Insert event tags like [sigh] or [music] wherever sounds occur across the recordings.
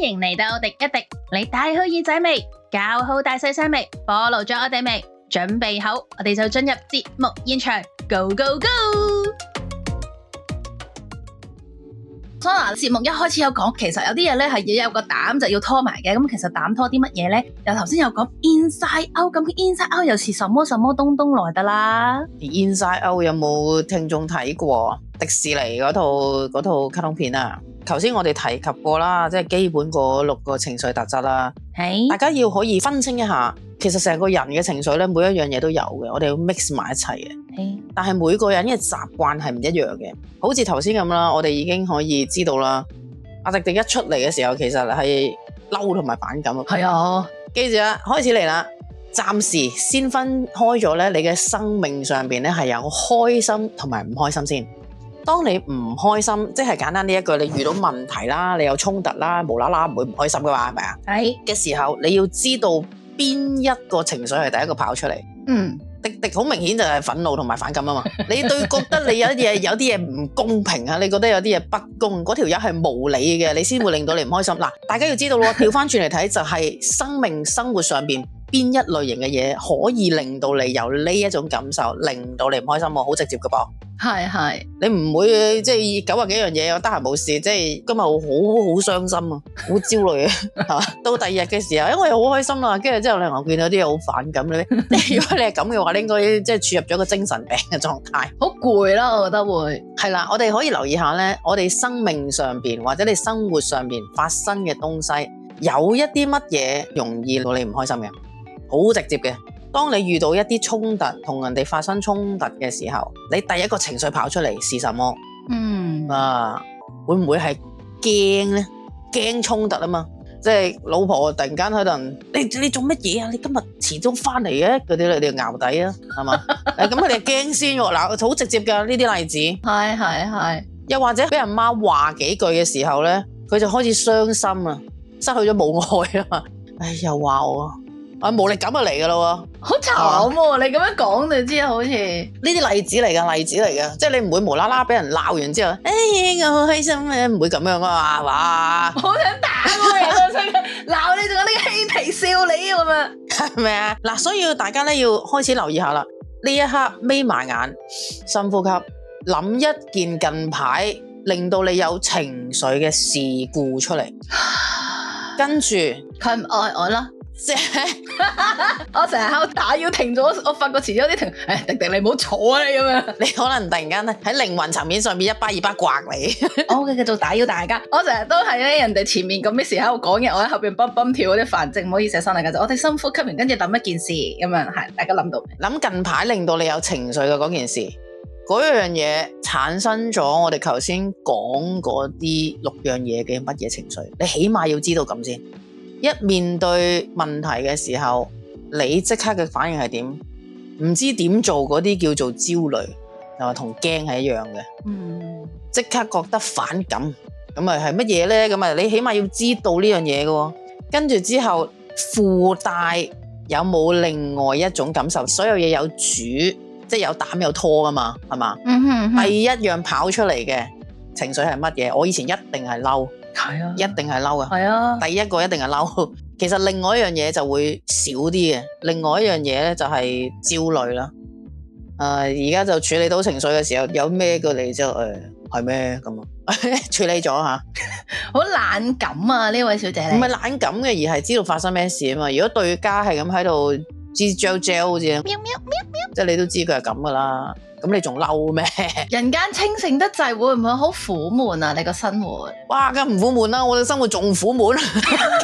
歡迎嚟到廸一廸，你帶好耳仔未？搞好大細聲未？Follow 咗我哋未？準備好，我哋就進入節目現場，Go Go Go！所以啊，節、so, 目一開始有講，其實有啲嘢咧係要有個膽就要拖埋嘅。咁其實膽拖啲乜嘢咧？又頭先有講 inside out，咁 inside out 又是什麼什麼東東來得啦？而 inside out 有冇聽眾睇過迪士尼嗰套嗰套卡通片啊？頭先我哋提及過啦，即係基本嗰六個情緒特質啦、啊。係，Hey. 大家要可以分清一下。其實成個人嘅情緒咧，每一樣嘢都有嘅，我哋要 mix 埋一齊嘅。的但係每個人嘅習慣係唔一樣嘅，好似頭先咁啦，我哋已經可以知道啦。阿廸廸一出嚟嘅時候，其實係嬲同埋反感啊。係啊的，記住啦，開始嚟啦，暫時先分開咗咧，你嘅生命上邊咧係有開心同埋唔開心先。當你唔開心，即係簡單呢一句，你遇到問題啦，你有衝突啦，無啦啦唔會唔開心嘅嘛，係咪啊？係嘅時候，你要知道。邊一個情緒係第一個跑出嚟？嗯，迪迪好明顯就係憤怒同埋反感啊嘛！ [laughs] 你對覺得你有啲嘢有啲嘢唔公平啊，你覺得有啲嘢不公，嗰條友係無理嘅，你先會令到你唔開心。嗱， [laughs] 大家要知道咯，調翻轉嚟睇就係、是、生命生活上邊邊一類型嘅嘢，可以令到你有呢一種感受，令到你唔開心，好直接噶噃。係係，你唔會即係九十幾樣嘢，我得閒冇事，即係今日我好好傷心啊，好焦慮啊，係嘛？到第二日嘅時候，因為我好開心啦，跟住之後咧我見到啲嘢好反感咧。如果你係咁嘅話，你應該即係處入咗一個精神病嘅狀態，好攰啦，我覺得會係啦。我哋可以留意下咧，我哋生命上邊或者你生活上邊發生嘅東西，有一啲乜嘢容易令你唔開心嘅，好直接嘅。當你遇到一啲衝突，同人哋發生衝突嘅時候，你第一個情緒跑出嚟是什麼？嗯啊，會唔會係驚呢？驚衝突啊嘛，即係老婆突然間喺度，你你做乜嘢啊？你今日遲咗翻嚟嘅，嗰啲你哋鬧底啊，係嘛？咁佢哋驚先喎，嗱，好直接噶呢啲例子。係係係，又或者俾人媽話幾句嘅時候呢，佢就開始傷心啦，失去咗母愛啊嘛，唉、哎，又話我。啊，無力感就嚟噶咯，好慘喎！你咁樣講就知，好似呢啲例子嚟噶，例子嚟噶，即係你唔會無啦啦俾人鬧完之後， [laughs] 哎，我好開心咩？唔會咁樣噶嘛，哇！好想打佢啊！真嘅，鬧你仲有呢個嬉皮笑臉。咁啊？係咪啊？嗱，所以大家咧要開始留意下啦，呢一刻眯埋眼，深呼吸，諗一件近排令到你有情緒嘅事故出嚟， [laughs] 跟住佢唔愛我啦。 [laughs] [laughs] [laughs] [laughs] 我成日喺度打擾停咗，我發覺遲咗啲停。誒、哎，迪迪你唔好坐啊！你咁樣， [laughs] 你可能突然間喺靈魂層面上面一巴二巴刮你。我繼續打擾大家。我成日都係咧，人哋前面咁啲時喺度講嘢，我喺後邊蹦蹦跳嗰啲繁殖，唔好意思啊，心理教我哋深呼吸，跟住等一件事，咁樣係，大家諗到未？諗近排令到你有情緒嘅嗰件事，嗰樣嘢產生咗我哋頭先講嗰啲六樣嘢嘅乜嘢情緒？你起碼要知道咁先。一面對問題嘅時候，你即刻嘅反應係點？唔知點做嗰啲叫做焦慮，又話同驚係一樣嘅。嗯，即刻覺得反感，咁啊係乜嘢呢？咁啊，你起碼要知道呢樣嘢嘅喎。跟住之後附帶有冇另外一種感受？所有嘢有主，即係有膽有拖啊嘛，係嘛？嗯哼哼，第一樣跑出嚟嘅情緒係乜嘢？我以前一定係嬲。係啊，一定係嬲啊！係啊，第一個一定係嬲。 [laughs] 其實另外一樣嘢就會少啲嘅，另外一樣嘢咧就係焦慮啦。誒、呃，而家就處理到情緒嘅時候，有咩嘅你就誒係咩咁啊？哎、 [laughs] 處理咗吓， [laughs] 好懶感啊！呢位小姐唔係懶感嘅，而係知道發生咩事啊嘛。如果對家係咁喺度，jell j 好似喵喵喵喵，即係你都知佢係咁噶啦。咁你仲嬲咩？人間清醒得滯，會唔會好苦悶啊？你個生活？哇，咁唔苦悶啦！我哋生活仲苦悶，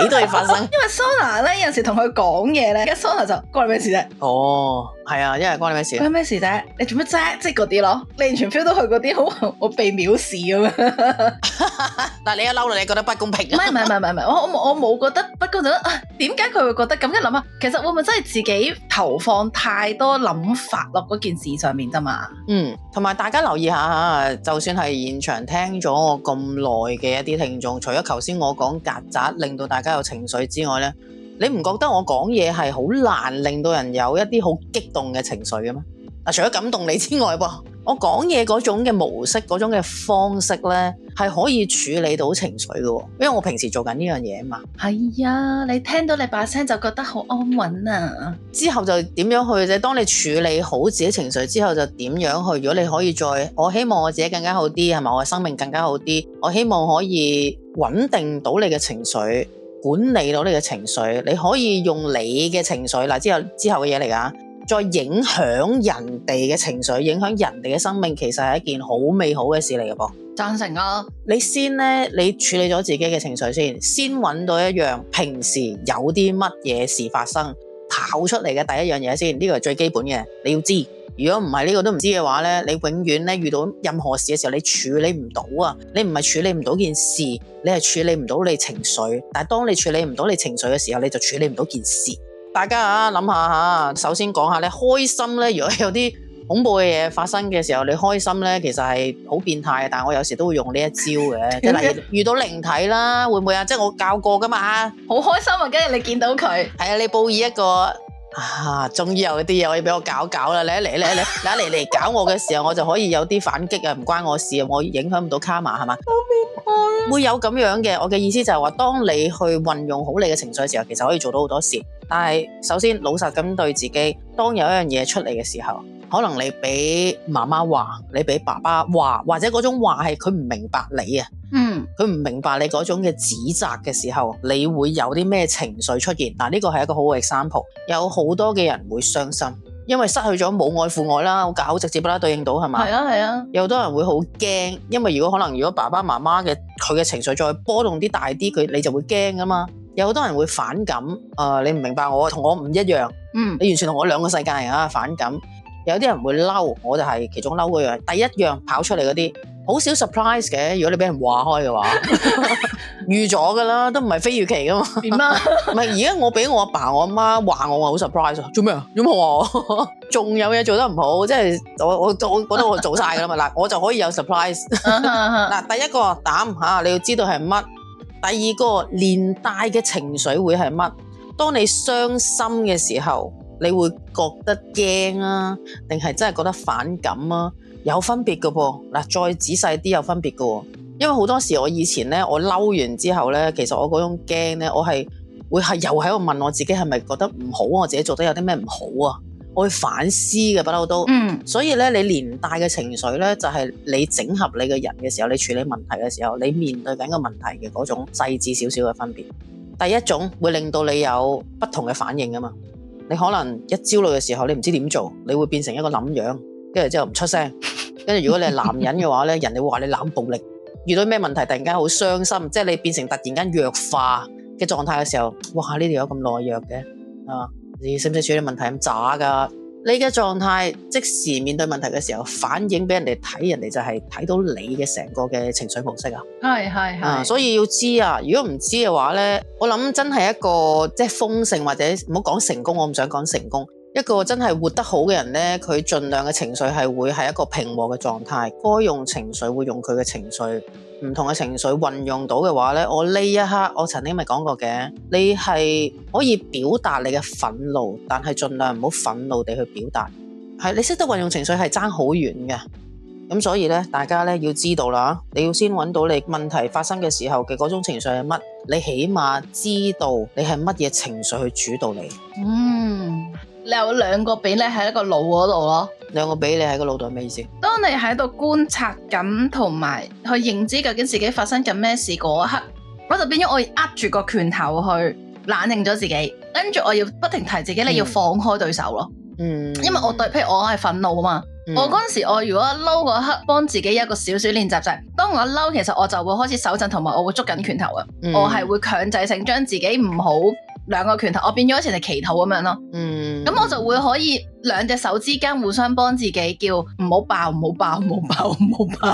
幾 [laughs] 多嘢發生？ [laughs] 因為 Sona 咧有時同佢講嘢咧，而家 Sona 就關你咩事啫、啊？哦，係啊，因為關你咩事、啊？關你咩事啫、啊？你做咩啫？即係嗰啲咯，你完全 feel 到佢嗰啲好我被藐，藐視咁、啊、樣。 [laughs] [laughs] 嗱，但你一嬲你覺得不公平。唔係唔係唔係唔係，我我我冇覺得不公平。點解佢會覺得咁一諗啊？其實會唔會真係自己投放太多諗法落嗰件事上面啫嘛。嗯，同埋大家留意下，就算係現場聽咗我咁耐嘅一啲聽眾，除咗頭先我講曱甴令到大家有情緒之外咧，你唔覺得我講嘢係好難令到人有一啲好激動嘅情緒嘅咩？嗱、啊，除咗感動你之外，噃。我講嘢嗰種嘅模式，嗰種嘅方式呢，係可以處理到情緒嘅，因為我平時做緊呢樣嘢啊嘛。係啊、哎，你聽到你把聲就覺得好安穩啊。之後就點樣去啫？當你處理好自己情緒之後，就點樣去？如果你可以再，我希望我自己更加好啲，係咪？我嘅生命更加好啲。我希望可以穩定到你嘅情緒，管理到你嘅情緒。你可以用你嘅情緒嗱，之後之後嘅嘢嚟㗎。再影響人哋嘅情緒，影響人哋嘅生命，其實係一件好美好嘅事嚟嘅噃，贊成啊！你先呢，你處理咗自己嘅情緒先，先揾到一樣平時有啲乜嘢事發生跑出嚟嘅第一樣嘢先，呢個係最基本嘅，你要知。如果唔係呢個都唔知嘅話呢，你永遠咧遇到任何事嘅時候，你處理唔到啊！你唔係處理唔到件事，你係處理唔到你情緒。但係當你處理唔到你情緒嘅時候，你就處理唔到件事。大家啊，諗下吓。首先講下你開心咧。如果有啲恐怖嘅嘢發生嘅時候，你開心咧，其實係好變態嘅。但係我有時都會用呢一招嘅，即係例如遇到靈體啦，會唔會啊？即係我教過噶嘛，好開心啊！跟住你見到佢，係 [laughs] 啊，你報以一個啊，終於有啲嘢可以俾我搞一搞啦。你一嚟，你一嚟，你一嚟嚟搞我嘅時候，我就可以有啲反擊啊！唔關我事啊，我影響唔到卡瑪係嘛？好變態，會有咁樣嘅。我嘅意思就係話，當你去運用好你嘅情緒嘅時候，其實可以做到好多事。但係首先老實咁對自己，當有一樣嘢出嚟嘅時候，可能你俾媽媽話，你俾爸爸話，或者嗰種話係佢唔明白你啊，嗯，佢唔明白你嗰種嘅指責嘅時候，你會有啲咩情緒出現？嗱，呢個係一個好好嘅 example，有好多嘅人會傷心，因為失去咗母愛父愛啦，教好直接不啦對應到係嘛？係啊係啊，啊有多人會好驚，因為如果可能如果爸爸媽媽嘅佢嘅情緒再波動啲大啲，佢你就會驚噶嘛。有好多人會反感，啊、呃！你唔明白我，同我唔一樣，你完全同我兩個世界啊！反感，有啲人會嬲，我就係其中嬲嗰樣。第一樣跑出嚟嗰啲，好少 surprise 嘅。如果你俾人話開嘅話， [laughs] 預咗噶啦，都唔係非預期噶嘛。點 [laughs] 啊？唔係而家我俾我阿爸我阿媽話我，我好 surprise 啊！做咩啊？因為我仲有嘢做得唔好，即、就、係、是、我我我覺得我做晒噶啦嘛。嗱， [laughs] 我就可以有 surprise。嗱， [laughs] 第一個膽嚇、嗯，你要知道係乜。第二個連帶嘅情緒會係乜？當你傷心嘅時候，你會覺得驚啊，定係真係覺得反感啊？有分別嘅噃，嗱，再仔細啲有分別嘅喎，因為好多時我以前咧，我嬲完之後咧，其實我嗰種驚咧，我係會係又喺度問我自己係咪覺得唔好啊？我自己做得有啲咩唔好啊？我會反思嘅，不嬲都，嗯、所以咧，你連帶嘅情緒咧，就係、是、你整合你嘅人嘅時候，你處理問題嘅時候，你面對緊個問題嘅嗰種細緻少少嘅分別。第一種會令到你有不同嘅反應㗎嘛，你可能一焦慮嘅時候，你唔知點做，你會變成一個諗樣，跟住之後唔出聲。跟住如果你係男人嘅話咧， [laughs] 人哋會話你冷暴力。遇到咩問題，突然間好傷心，即係你變成突然間弱化嘅狀態嘅時候，哇！呢條友咁懦弱嘅，啊！你使唔使處理問題咁渣㗎？你嘅狀態即時面對問題嘅時候，反映俾人哋睇，人哋就係睇到你嘅成個嘅情緒模式啊。係係係，所以要知啊。如果唔知嘅話咧，我諗真係一個即係豐盛或者唔好講成功，我唔想講成功。一個真係活得好嘅人呢，佢盡量嘅情緒係會係一個平和嘅狀態，該用情緒會用佢嘅情緒，唔同嘅情緒運用到嘅話呢。我呢一刻我曾經咪講過嘅，你係可以表達你嘅憤怒，但係盡量唔好憤怒地去表達，係你識得運用情緒係爭好遠嘅，咁所以呢，大家呢要知道啦，你要先揾到你問題發生嘅時候嘅嗰種情緒係乜，你起碼知道你係乜嘢情緒去主導你。嗯。你有兩個比你喺一個腦嗰度咯，兩個比你喺個腦度係咩意思？當你喺度觀察緊同埋去認知究竟自己發生緊咩事嗰一刻，我就變咗我要握住個拳頭去冷靜咗自己，跟住我要不停提自己，你要放開對手咯。嗯，因為我對譬如我係憤怒啊嘛，我嗰陣時我如果嬲嗰刻幫自己一個小小練習就係，當我嬲，其實我就會開始手震同埋我會捉緊拳頭呀，我係會強制性將自己唔好兩個拳頭，我變咗好似係祈禱咁樣咯。嗯。咁我就會可以兩隻手之間互相幫自己，叫唔好爆，唔好爆，唔好爆，唔好爆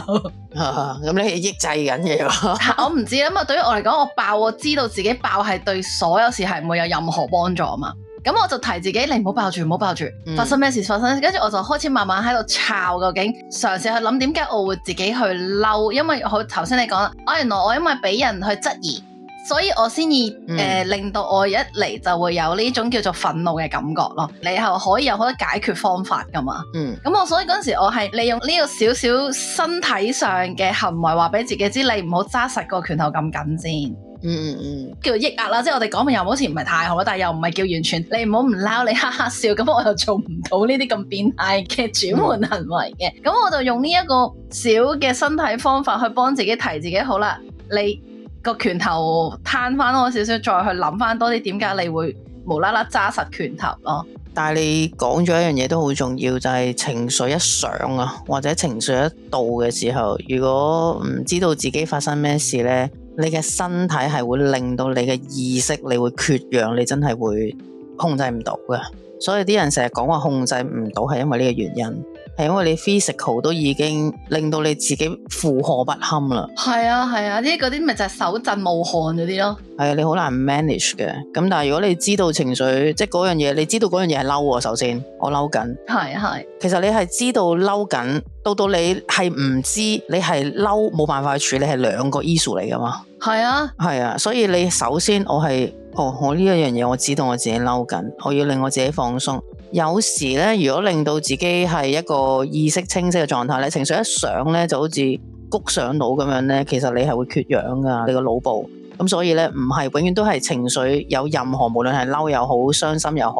啊！咁你抑制緊嘅，我唔知啦。咁啊，對於我嚟講，我爆，我知道自己爆係對所有事係唔會有任何幫助啊嘛。咁我就提自己，你唔好爆住，唔好爆住。發生咩事，發生咩事？跟住我就開始慢慢喺度查究竟，嘗試去諗點解我會自己去嬲，因為好頭先你講啦，啊，原來我因為俾人去質疑。所以我先至誒令到我一嚟就會有呢種叫做憤怒嘅感覺咯，你係可以有好多解決方法噶嘛？嗯，咁我所以嗰時我係利用呢個少少身體上嘅行為話俾自己知，你唔好揸實個拳頭咁緊先。嗯嗯嗯，嗯嗯叫抑壓啦，即係我哋講明又好似唔係太好，但係又唔係叫完全，你唔好唔嬲，你哈哈笑、笑，咁我又做唔到呢啲咁變態嘅轉換行為嘅，咁、嗯、我就用呢一個小嘅身體方法去幫自己提自己好啦，你，個拳頭攤翻，多少少，再去諗翻多啲，點解你會無啦啦揸實拳頭咯？但係你講咗一樣嘢，都好重要，就係情緒一上啊，或者情緒一到嘅時候，如果唔知道自己發生咩事呢，你嘅身體係會令到你嘅意識，你會缺氧，你真係會控制唔到嘅。所以啲人成日講話控制唔到，係因為呢個原因。係因為你 physical 都已經令到你自己負荷不堪啦。係啊係啊，呢啲咪就係手震冒汗嗰啲咯。係啊，你好難 manage 嘅。咁但係如果你知道情緒，即係嗰樣嘢，你知道嗰樣嘢係嬲，首先我嬲緊。係係、啊。其實你係知道嬲緊，到到你係唔知你係嬲，冇辦法去處理，係兩個 issue 嚟噶嘛。係啊係啊，所以你首先我係，哦我呢一樣嘢我知道我自己嬲緊，我要令我自己放鬆。有時咧，如果令到自己係一個意識清晰嘅狀態咧，情緒一上咧，就好似谷上腦咁樣咧，其實你係會缺氧噶，你個腦部。咁所以咧，唔係永遠都係情緒有任何，無論係嬲又好、傷心又好，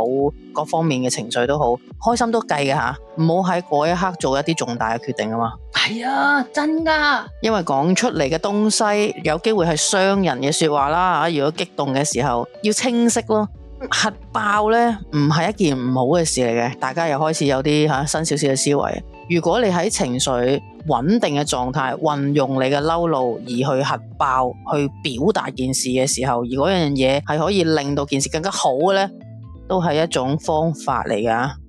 各方面嘅情緒都好，開心都計嘅嚇。唔好喺嗰一刻做一啲重大嘅決定啊嘛。係啊、哎，真噶。因為講出嚟嘅東西有機會係傷人嘅説話啦嚇。如果激動嘅時候，要清晰咯。核爆咧，唔係一件唔好嘅事嚟嘅，大家又開始有啲吓、啊、新少少嘅思維。如果你喺情緒穩定嘅狀態，運用你嘅嬲怒而去核爆去表達件事嘅時候，如果樣嘢係可以令到件事更加好嘅咧，都係一種方法嚟噶。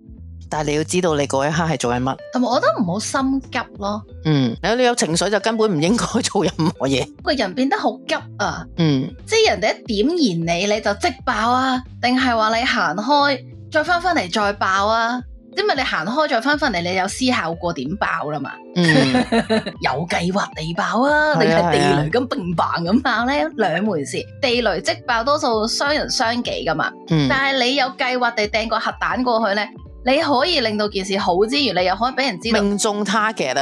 但係你要知道，你嗰一刻係做緊乜，同埋我覺得唔好心急咯。嗯，如你有情緒就根本唔應該做任何嘢。個人變得好急啊，嗯，即係人哋一點燃你，你就即爆啊？定係話你行開，再翻翻嚟，再爆啊？因為你行開，再翻翻嚟，你有思考過點爆啦嘛？嗯、 [laughs] 有計劃地爆啊，定係、啊啊、地雷咁乒乓咁爆呢？兩回事。地雷即爆，多數傷人傷己噶嘛。嗯、但係你有計劃地掟個核彈過去呢？你可以令到件事好之餘，你又可以俾人知道命中 target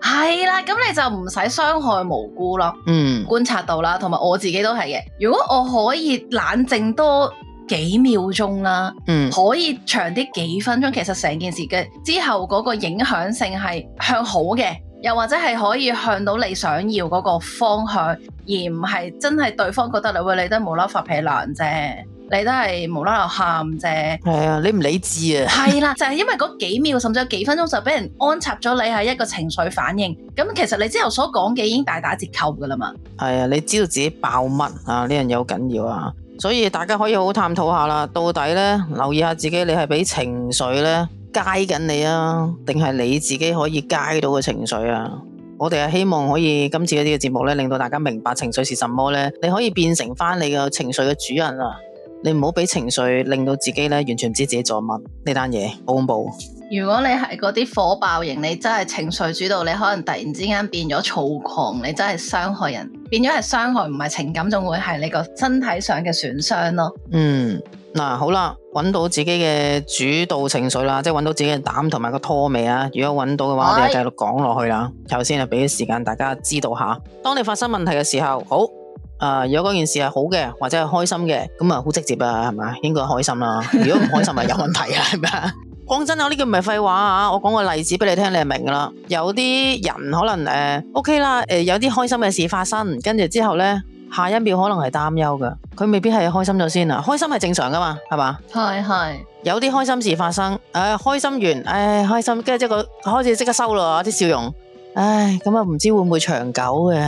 係 [laughs] 啦，咁你就唔使傷害無辜咯。嗯，觀察到啦，同埋我自己都係嘅。如果我可以冷靜多幾秒鐘啦，嗯，可以長啲幾分鐘，其實成件事嘅之後嗰個影響性係向好嘅，又或者係可以向到你想要嗰個方向。而唔係真係對方覺得你餵你都無啦發脾氣啫，你都係無啦啦喊啫。係啊，你唔、哎、理智啊。係 [laughs] 啦，就係、是、因為嗰幾秒甚至有幾分鐘就俾人安插咗你係一個情緒反應。咁其實你之後所講嘅已經大打折扣噶啦嘛。係啊、哎，你知道自己爆乜啊？呢樣嘢好緊要啊。所以大家可以好探討下啦，到底呢，留意下自己，你係俾情緒呢街緊你啊，定係你自己可以街到個情緒啊？我哋係希望可以今次呢啲嘅節目咧，令到大家明白情緒是什麼呢，你可以變成翻你嘅情緒嘅主人啊！你唔好俾情緒令到自己咧，完全唔知自己在乜呢單嘢，好恐怖。如果你係嗰啲火爆型，你真係情緒主導，你可能突然之間變咗躁狂，你真係傷害人，變咗係傷害，唔係情感，仲會係你個身體上嘅損傷咯。嗯。嗱、啊，好啦，揾到自己嘅主導情緒啦，即係揾到自己嘅膽同埋個拖尾啊！如果揾到嘅話，我哋就繼續講落去啦。頭先係俾啲時間大家知道下，當你發生問題嘅時候，好誒、呃，如果嗰件事係好嘅或者係開心嘅，咁啊好直接啊，係咪啊？應該開心啦、啊。如果唔開心係 [laughs] 有問題啊，係咪啊？講 [laughs] 真啊，呢句唔係廢話啊！我講個例子俾你聽，你就明噶啦。有啲人可能誒、呃、，OK 啦，誒、呃，有啲開心嘅事發生，跟住之後咧。下一秒可能係擔憂噶，佢未必係開心咗先啊！開心係正常噶嘛，係嘛？係係是是 有啲開心事發生，唉、呃，開心完，唉，開心，跟住即係個開始即刻收咯，啲笑容，唉，咁啊唔知會唔會長久嘅？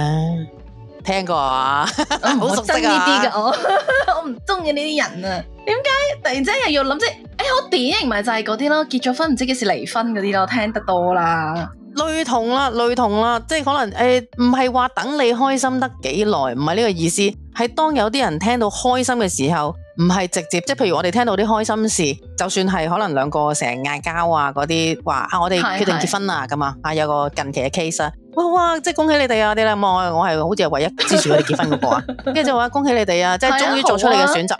聽過啊，好 [laughs] 熟悉呢啲嘅。我我唔中意呢啲人啊！點解突然之間又要諗啫？誒、欸，我典型咪就係嗰啲咯，結咗婚唔知幾時離婚嗰啲咯，聽得多啦。類同啦，類同啦，即係可能誒，唔係話等你開心得幾耐，唔係呢個意思，係當有啲人聽到開心嘅時候，唔係直接，即係譬如我哋聽到啲開心事，就算係可能兩個成日嗌交啊嗰啲話，啊我哋決定結婚啦咁啊，是是啊有個近期嘅 case，哇哇，即係恭喜你哋啊，你哋望我，我係好似係唯一支持佢哋結婚嗰個啊，跟住 [laughs] 就話恭喜你哋啊，即係終於做出你嘅選擇。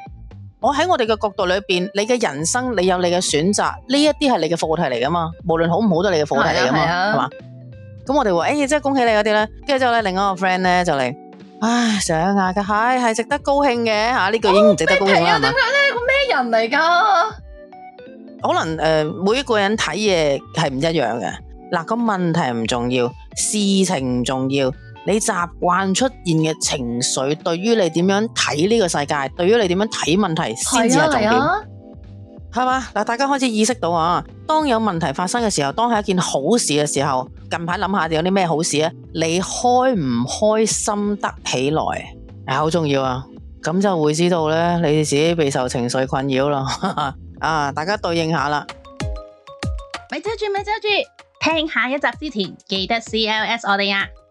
我喺我哋嘅角度裏邊，你嘅人生你有你嘅選擇，呢一啲係你嘅課題嚟噶嘛，無論好唔好都係你嘅課題嚟噶嘛，係嘛？咁我哋話，誒，真係恭喜你嗰啲咧，跟住之後咧，另一個 friend 咧就嚟，唉，想下嘅，係係值得高興嘅吓，呢句已經唔值得高興啦。係嘛？點解咧？個咩人嚟噶？可能誒，每一個人睇嘢係唔一樣嘅。嗱，個問題唔重要，事情唔重要。你習慣出現嘅情緒，對於你點樣睇呢個世界，對於你點樣睇問題，先至係重點。啊啊，大家開始意識到啊，當有問題發生嘅時候，當係一件好事嘅時候，近排諗下有啲咩好事咧，你開唔開心得起來，好、啊、重要啊！咁就會知道咧，你自己被受情緒困擾啦。 [laughs] 啊，大家對應下啦，咪遮住，咪遮住，聽下一集之前記得 C L S 我哋啊！